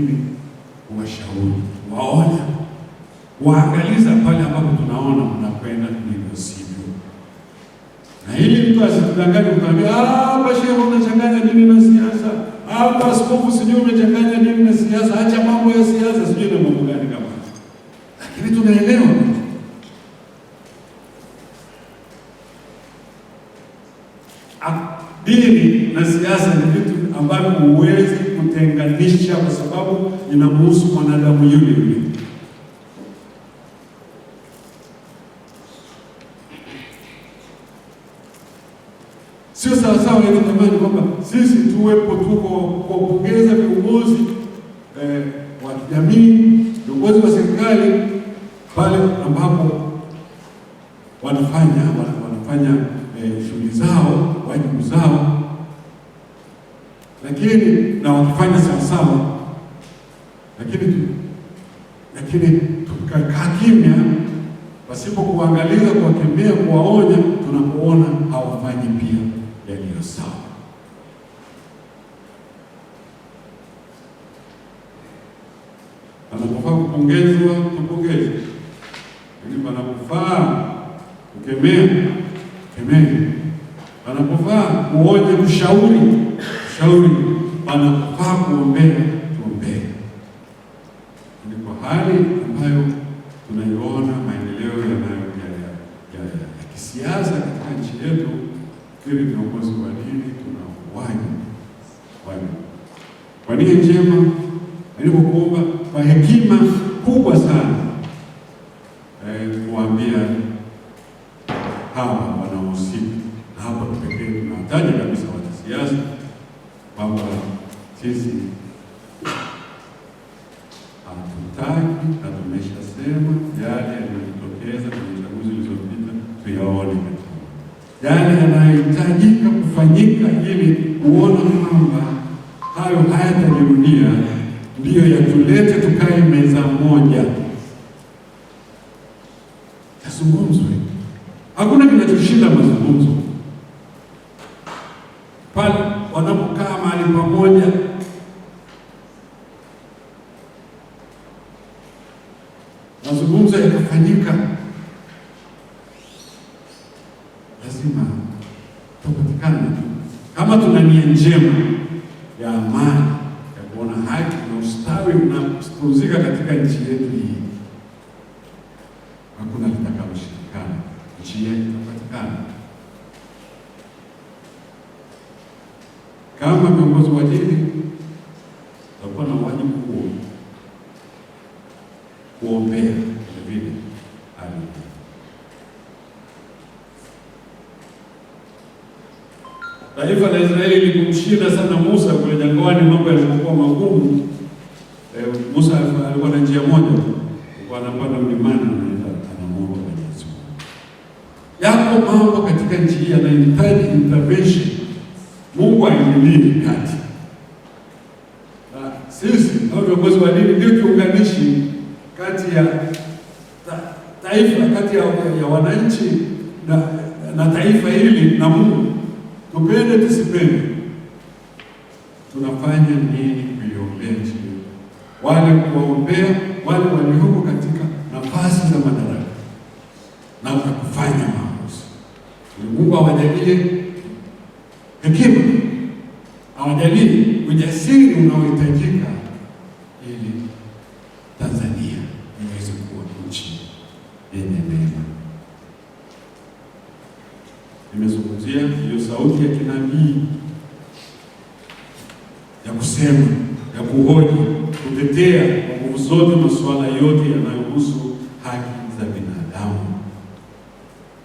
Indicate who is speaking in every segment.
Speaker 1: nini? Washauri, waona, waangaliza pale ambapo tunaona mnakwenda ndivyo sivyo, na ili mtu asikudanganye ukaambia, ah, hapa shehe unachanganya nini na siasa, hapa askofu sijui umechanganya nini na siasa, acha mambo ya siasa, sijui na mambo gani kama, lakini tunaelewa dini na siasa ni vitu ambavyo huwezi kutenganisha, kwa sababu inamhusu mwanadamu yule yule. Sio sawasawa ile jamani, kwamba sisi tuwepo kwa kuongeza viongozi eh, wa kijamii, viongozi wa serikali pale ambapo wanafanya wanafanya eh, shughuli zao, wajibu zao lakini na wakifanya sawasawa, lakini lakini tukakaa kimya pasipo kuangaliza, kuwakemea, kuwaonya, tunapoona hawafanyi pia yaliyo sawa. Panapofaa kupongezwa tupongeze, lakini panapofaa kukemea kemea panapofaa kuonya kushauri shauri panapofaa kuombea tuombee. Ni kwa hali ambayo tunaiona maendeleo ya ya kisiasa katika nchi yetu, ili viongozi wa dini tunauwanya kwa nia njema, alipokuomba kwa hekima kubwa sana eh, kuambia hawa wanaohusika hapa, tupekee tunawataja kabisa wanasiasa kwamba sisi hatutaki na tumeshasema yale yanayotokeza kwenye chaguzi zilizopita tuyaone katika yale yanayohitajika kufanyika ili kuona kwamba hayo hayatajirudia, ndiyo yatulete tukae meza moja yazungumzwe. Hakuna kinachoshinda mazungumzo pale wanapokaa mahali pamoja mazungumzo yakafanyika, lazima tupatikane kama tuna nia njema ya amani ya kuona haki na ustawi unapuzika katika nchi yetu hii. kama viongozi wa dini tutakuwa na wajibu huo, kuombea vilevile hali Taifa la Israeli likumshinda sana Musa kule jangwani, mambo yalikuwa magumu. E, Musa alikuwa na njia moja, alikuwa anapanda mlimani, anamwomba Mwenyezi Mungu. Yako mambo katika njia yanahitaji intervention Mungu aingilie kati. Na sisi kama viongozi wa dini ndio kiunganishi kati ya ta, taifa kati ya, ya wananchi na, na taifa hili na Mungu. Tupende tusipende, tunafanya nini kuiombea nchi wale kuwaombea wale walioko katika nafasi za madaraka, na kufanya maamuzi. Mungu awajalie kusema ya kuhoji, kutetea kwa nguvu zote masuala yote yanayohusu haki za binadamu.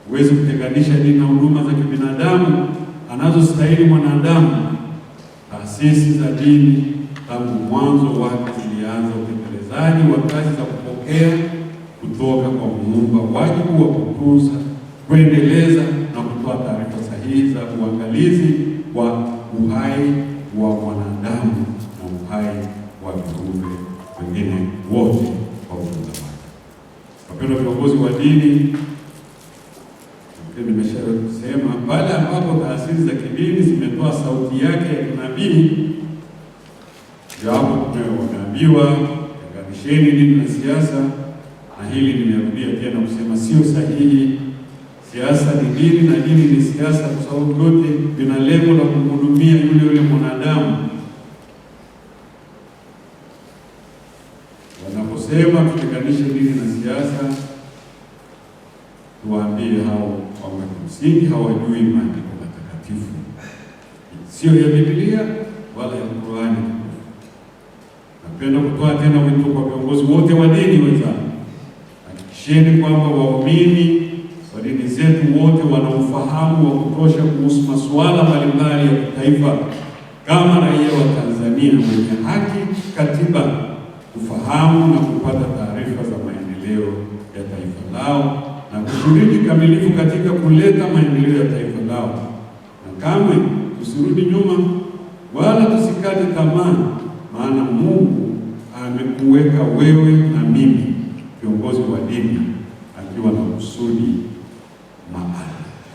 Speaker 1: Huwezi kutenganisha dini na huduma za kibinadamu anazostahili mwanadamu. Taasisi za dini tangu mwanzo wake zilianza utekelezaji wa kazi za kupokea kutoka kwa Muumba wajibu wa kutunza, kuendeleza na kutoa taarifa sahihi za uangalizi wa uhai wa mwanadamu uhai wa viumbe wengine wote kwa ufunza maji. Wapendwa viongozi wa dini, nimeshasema pale ambapo taasisi za kidini zimetoa sauti yake ya kinabii, ndio hapo tenganisheni dini na siasa, na hili nimerudia tena kusema sio sahihi. Siasa ni dini na dini ni siasa, kwa sababu vyote vina lengo la kumhudumia yule yule mwanadamu Wanaposema tutenganishe dini na siasa, tuwaambie hao kwamba kimsingi hawajui maandiko matakatifu, sio ya Biblia wala ya Qur'ani. Napenda kutoa tena wito kwa viongozi wote wa dini wenzangu, hakikisheni kwamba waumini wa dini zetu wote wana ufahamu wa kutosha kuhusu masuala mbalimbali ya kitaifa kama raia wa Tanzania mwenye haki katiba kufahamu na kupata taarifa za maendeleo ya taifa lao na kushiriki kamilifu katika kuleta maendeleo ya taifa lao, na kamwe tusirudi nyuma wala tusikate tamaa, maana Mungu amekuweka wewe na mimi viongozi wa dini akiwa na kusudi maa